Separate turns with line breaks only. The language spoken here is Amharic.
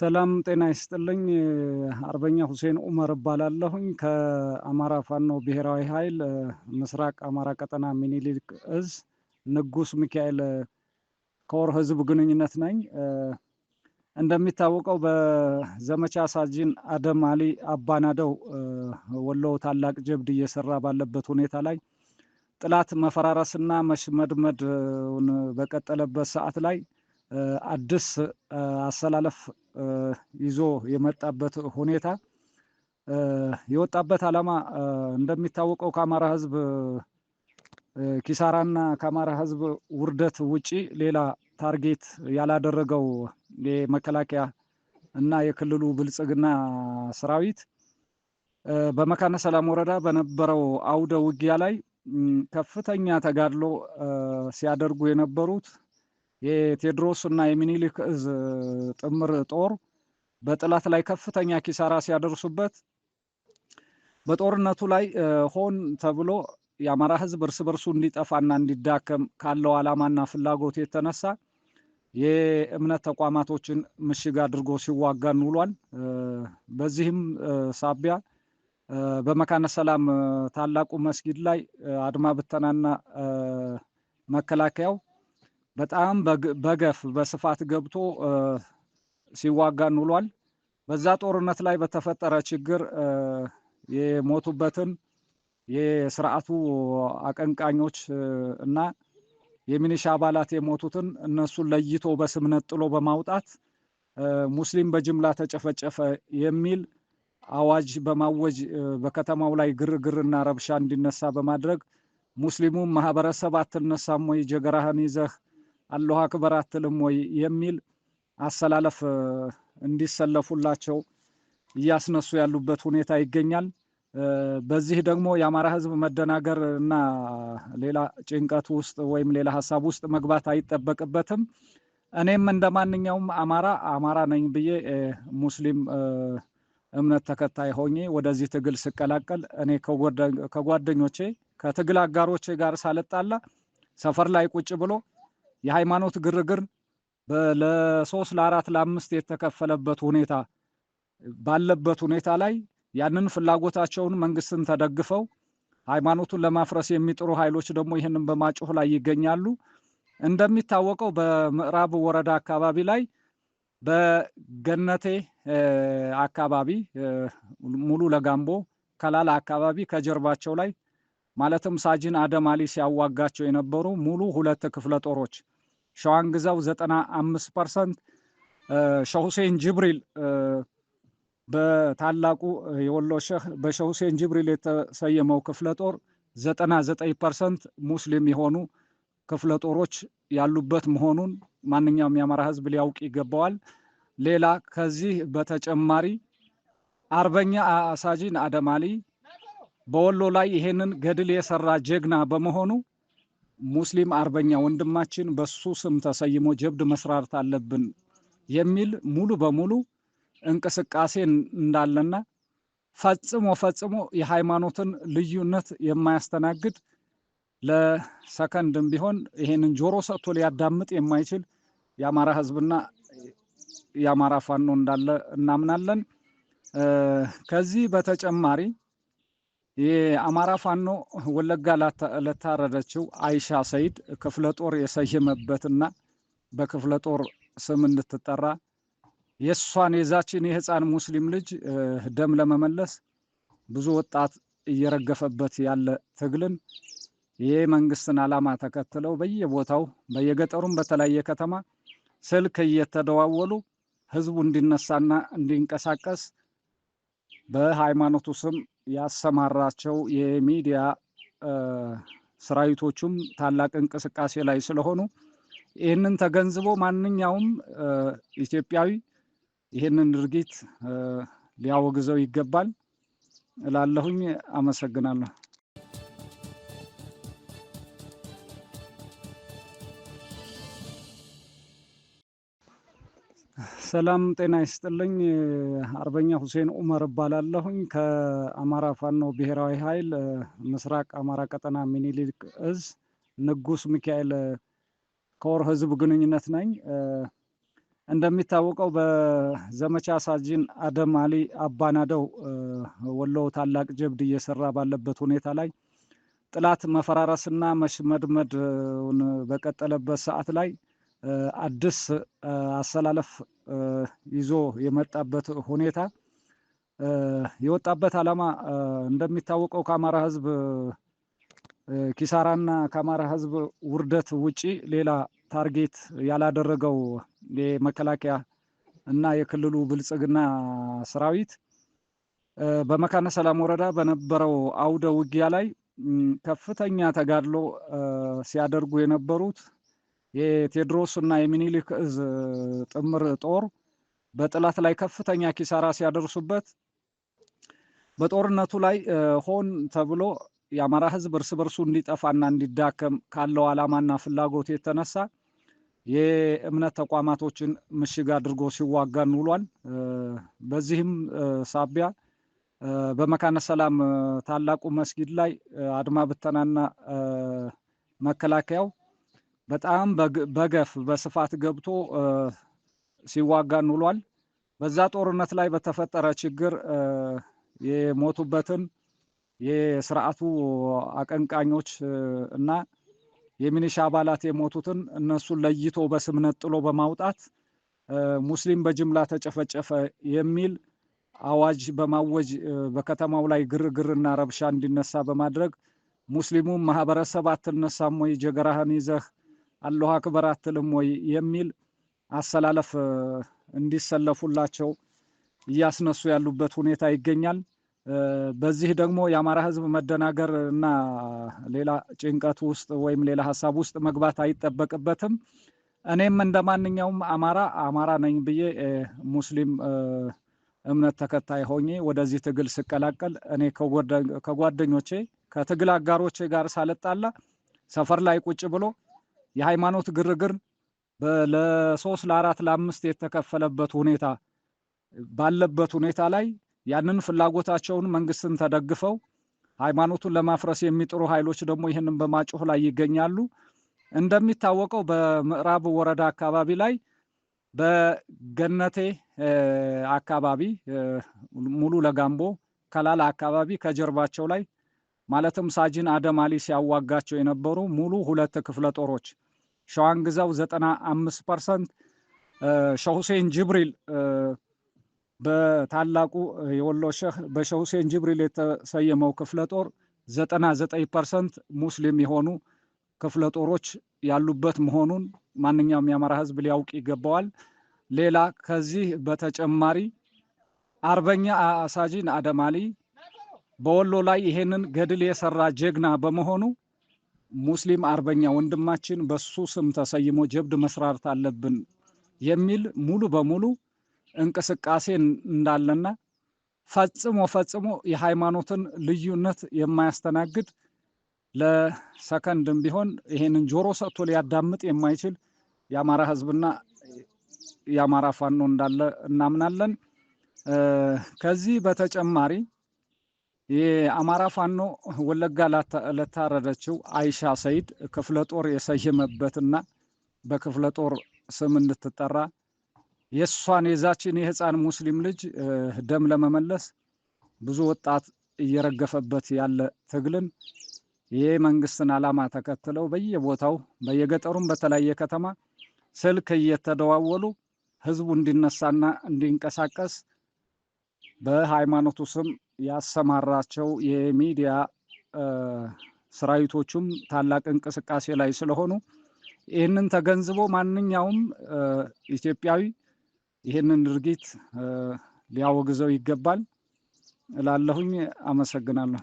ሰላም ጤና ይስጥልኝ። አርበኛ ሁሴን ኡመር እባላለሁኝ ከአማራ ፋኖ ብሔራዊ ኃይል ምስራቅ አማራ ቀጠና ሚኒሊክ እዝ ንጉስ ሚካኤል ከወር ህዝብ ግንኙነት ነኝ። እንደሚታወቀው በዘመቻ ሳጅን አደም አሊ አባናደው ወሎ ታላቅ ጀብድ እየሰራ ባለበት ሁኔታ ላይ ጥላት መፈራረስና መሽመድመድ በቀጠለበት ሰዓት ላይ አዲስ አሰላለፍ ይዞ የመጣበት ሁኔታ የወጣበት ዓላማ እንደሚታወቀው ከአማራ ሕዝብ ኪሳራና ከአማራ ሕዝብ ውርደት ውጪ ሌላ ታርጌት ያላደረገው የመከላከያ እና የክልሉ ብልጽግና ሰራዊት በመካነ ሰላም ወረዳ በነበረው አውደ ውጊያ ላይ ከፍተኛ ተጋድሎ ሲያደርጉ የነበሩት የቴዎድሮስ እና የሚኒሊክ እዝ ጥምር ጦር በጠላት ላይ ከፍተኛ ኪሳራ ሲያደርሱበት በጦርነቱ ላይ ሆን ተብሎ የአማራ ሕዝብ እርስ በርሱ እንዲጠፋና እንዲዳከም ካለው ዓላማና ፍላጎት የተነሳ የእምነት ተቋማቶችን ምሽግ አድርጎ ሲዋጋን ውሏል። በዚህም ሳቢያ በመካነ ሰላም ታላቁ መስጊድ ላይ አድማ ብተናና መከላከያው በጣም በገፍ በስፋት ገብቶ ሲዋጋ እንውሏል። በዛ ጦርነት ላይ በተፈጠረ ችግር የሞቱበትን የስርዓቱ አቀንቃኞች እና የሚኒሻ አባላት የሞቱትን እነሱን ለይቶ በስምነት ጥሎ በማውጣት ሙስሊም በጅምላ ተጨፈጨፈ የሚል አዋጅ በማወጅ በከተማው ላይ ግርግርና ረብሻ እንዲነሳ በማድረግ ሙስሊሙም ማህበረሰብ አትነሳም ወይ ጀገራህን ይዘህ አላሁ አክበር አትልም ወይ የሚል አሰላለፍ እንዲሰለፉላቸው እያስነሱ ያሉበት ሁኔታ ይገኛል። በዚህ ደግሞ የአማራ ህዝብ መደናገር እና ሌላ ጭንቀት ውስጥ ወይም ሌላ ሀሳብ ውስጥ መግባት አይጠበቅበትም። እኔም እንደ ማንኛውም አማራ አማራ ነኝ ብዬ ሙስሊም እምነት ተከታይ ሆኜ ወደዚህ ትግል ስቀላቀል እኔ ከጓደኞቼ ከትግል አጋሮቼ ጋር ሳልጣላ ሰፈር ላይ ቁጭ ብሎ የሃይማኖት ግርግር ለሶስት ለአራት ለአምስት የተከፈለበት ሁኔታ ባለበት ሁኔታ ላይ ያንን ፍላጎታቸውን መንግስትን ተደግፈው ሃይማኖቱን ለማፍረስ የሚጥሩ ኃይሎች ደግሞ ይህንን በማጮህ ላይ ይገኛሉ። እንደሚታወቀው በምዕራብ ወረዳ አካባቢ ላይ በገነቴ አካባቢ ሙሉ ለጋምቦ ከላላ አካባቢ ከጀርባቸው ላይ ማለትም ሳጅን አደማሊ ሲያዋጋቸው የነበሩ ሙሉ ሁለት ክፍለ ጦሮች ሸዋን ግዛው 95 ፐርሰንት፣ ሸሁሴን ጅብሪል በታላቁ የወሎ ሸህ በሸሁሴን ጅብሪል የተሰየመው ክፍለ ጦር 99 ፐርሰንት ሙስሊም የሆኑ ክፍለ ጦሮች ያሉበት መሆኑን ማንኛውም የአማራ ህዝብ ሊያውቅ ይገባዋል። ሌላ ከዚህ በተጨማሪ አርበኛ ሳጂን አደማሊ በወሎ ላይ ይሄንን ገድል የሰራ ጀግና በመሆኑ ሙስሊም አርበኛ ወንድማችን በሱ ስም ተሰይሞ ጀብድ መስራት አለብን የሚል ሙሉ በሙሉ እንቅስቃሴ እንዳለና ፈጽሞ ፈጽሞ የሃይማኖትን ልዩነት የማያስተናግድ ለሰከንድም ቢሆን ይሄንን ጆሮ ሰጥቶ ሊያዳምጥ የማይችል የአማራ ህዝብና የአማራ ፋኖ እንዳለ እናምናለን። ከዚህ በተጨማሪ የአማራ ፋኖ ወለጋ ለታረደችው አይሻ ሰይድ ክፍለ ጦር የሰየመበትና በክፍለ ጦር ስም እንድትጠራ የእሷን የዛችን የህፃን ሙስሊም ልጅ ደም ለመመለስ ብዙ ወጣት እየረገፈበት ያለ ትግልን የመንግስትን ዓላማ ተከትለው በየቦታው በየገጠሩም በተለያየ ከተማ ስልክ እየተደዋወሉ ህዝቡ እንዲነሳና እንዲንቀሳቀስ በሃይማኖቱ ስም ያሰማራቸው የሚዲያ ሰራዊቶቹም ታላቅ እንቅስቃሴ ላይ ስለሆኑ ይህንን ተገንዝቦ ማንኛውም ኢትዮጵያዊ ይህንን ድርጊት ሊያወግዘው ይገባል እላለሁኝ። አመሰግናለሁ። ሰላም ጤና ይስጥልኝ። አርበኛ ሁሴን ኡመር እባላለሁኝ ከአማራ ፋኖ ብሔራዊ ኃይል ምስራቅ አማራ ቀጠና ሚኒሊክ እዝ ንጉስ ሚካኤል ከወር ህዝብ ግንኙነት ነኝ። እንደሚታወቀው በዘመቻ ሳጅን አደም አሊ አባናደው ወሎ ታላቅ ጀብድ እየሰራ ባለበት ሁኔታ ላይ ጥላት መፈራረስና መሽመድመድ በቀጠለበት ሰዓት ላይ አዲስ አሰላለፍ ይዞ የመጣበት ሁኔታ የወጣበት ዓላማ እንደሚታወቀው ከአማራ ሕዝብ ኪሳራና ከአማራ ሕዝብ ውርደት ውጪ ሌላ ታርጌት ያላደረገው የመከላከያ እና የክልሉ ብልጽግና ሰራዊት በመካነ ሰላም ወረዳ በነበረው አውደ ውጊያ ላይ ከፍተኛ ተጋድሎ ሲያደርጉ የነበሩት የቴዎድሮስ እና የሚኒሊክ እዝ ጥምር ጦር በጠላት ላይ ከፍተኛ ኪሳራ ሲያደርሱበት በጦርነቱ ላይ ሆን ተብሎ የአማራ ሕዝብ እርስ በርሱ እንዲጠፋና እንዲዳከም ካለው ዓላማና ፍላጎት የተነሳ የእምነት ተቋማቶችን ምሽግ አድርጎ ሲዋጋን ውሏል። በዚህም ሳቢያ በመካነ ሰላም ታላቁ መስጊድ ላይ አድማ ብተናና መከላከያው በጣም በገፍ በስፋት ገብቶ ሲዋጋ እንውሏል። በዛ ጦርነት ላይ በተፈጠረ ችግር የሞቱበትን የስርዓቱ አቀንቃኞች እና የሚኒሻ አባላት የሞቱትን እነሱን ለይቶ በስምነት ጥሎ በማውጣት ሙስሊም በጅምላ ተጨፈጨፈ የሚል አዋጅ በማወጅ በከተማው ላይ ግርግርና ረብሻ እንዲነሳ በማድረግ ሙስሊሙም ማህበረሰብ አትነሳም ወይ ጀገራህን ይዘህ አላሁ አክበር አትልም ወይ የሚል አሰላለፍ እንዲሰለፉላቸው እያስነሱ ያሉበት ሁኔታ ይገኛል። በዚህ ደግሞ የአማራ ሕዝብ መደናገር እና ሌላ ጭንቀት ውስጥ ወይም ሌላ ሀሳብ ውስጥ መግባት አይጠበቅበትም። እኔም እንደ ማንኛውም አማራ አማራ ነኝ ብዬ ሙስሊም እምነት ተከታይ ሆኜ ወደዚህ ትግል ስቀላቀል እኔ ከጓደኞቼ ከትግል አጋሮቼ ጋር ሳልጣላ ሰፈር ላይ ቁጭ ብሎ የሃይማኖት ግርግር ለሶስት ለአራት ለአምስት የተከፈለበት ሁኔታ ባለበት ሁኔታ ላይ ያንን ፍላጎታቸውን መንግስትን ተደግፈው ሃይማኖቱን ለማፍረስ የሚጥሩ ኃይሎች ደግሞ ይህንን በማጮህ ላይ ይገኛሉ። እንደሚታወቀው በምዕራብ ወረዳ አካባቢ ላይ በገነቴ አካባቢ ሙሉ ለጋምቦ ከላላ አካባቢ ከጀርባቸው ላይ ማለትም ሳጅን አደም አሊ ሲያዋጋቸው የነበሩ ሙሉ ሁለት ክፍለ ጦሮች ሸዋን ግዛው 95 ፐርሰንት፣ ሸሁሴን ጅብሪል በታላቁ የወሎ ሸህ በሸሁሴን ጅብሪል የተሰየመው ክፍለ ጦር 99 ፐርሰንት ሙስሊም የሆኑ ክፍለ ጦሮች ያሉበት መሆኑን ማንኛውም የአማራ ህዝብ ሊያውቅ ይገባዋል። ሌላ ከዚህ በተጨማሪ አርበኛ አሳጂን አደማሊ በወሎ ላይ ይሄንን ገድል የሰራ ጀግና በመሆኑ ሙስሊም አርበኛ ወንድማችን በሱ ስም ተሰይሞ ጀብድ መስራት አለብን የሚል ሙሉ በሙሉ እንቅስቃሴ እንዳለና ፈጽሞ ፈጽሞ የሃይማኖትን ልዩነት የማያስተናግድ ለሰከንድም ቢሆን ይሄንን ጆሮ ሰጥቶ ሊያዳምጥ የማይችል የአማራ ህዝብና የአማራ ፋኖ እንዳለ እናምናለን። ከዚህ በተጨማሪ የአማራ ፋኖ ወለጋ ለታረደችው አይሻ ሰይድ ክፍለ ጦር የሰየመበትና በክፍለ ጦር ስም እንድትጠራ የእሷን የዛችን የህፃን ሙስሊም ልጅ ደም ለመመለስ ብዙ ወጣት እየረገፈበት ያለ ትግልን የመንግስትን ዓላማ ተከትለው በየቦታው በየገጠሩም በተለያየ ከተማ ስልክ እየተደዋወሉ ህዝቡ እንዲነሳና እንዲንቀሳቀስ በሃይማኖቱ ስም ያሰማራቸው የሚዲያ ሰራዊቶቹም ታላቅ እንቅስቃሴ ላይ ስለሆኑ ይህንን ተገንዝቦ ማንኛውም ኢትዮጵያዊ ይህንን ድርጊት ሊያወግዘው ይገባል እላለሁኝ። አመሰግናለሁ።